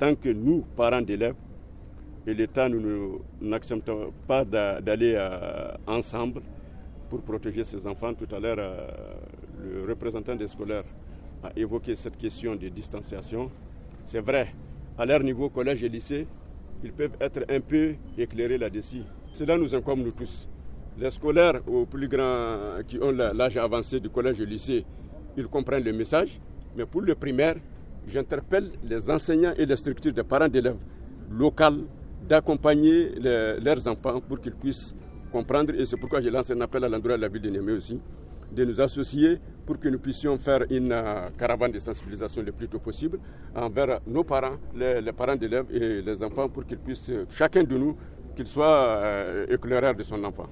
tant que nous, parents d'élèves, et l'État, nous n'acceptons pas d'aller euh, ensemble pour protéger ces enfants. Tout à l'heure, euh, le représentant des scolaires a évoqué cette question de distanciation. C'est vrai, à leur niveau, collège et lycée, ils peuvent être un peu éclairés là-dessus. Cela nous incombe nous tous. Les scolaires aux plus grands qui ont l'âge avancé du collège et lycée, ils comprennent le message, mais pour le primaire, j'interpelle les enseignants et les structures de parents d'élèves locales d'accompagner leurs enfants pour qu'ils puissent comprendre. Et c'est pourquoi je lance un appel à l'endroit de la ville de Niamey aussi, de nous associer pour que nous puissions faire une euh, caravane de sensibilisation le plus tôt possible envers nos parents, les, parents d'élèves et les enfants pour qu'ils puissent, euh, chacun de nous, qu'il soit euh, éclaireur de son enfant.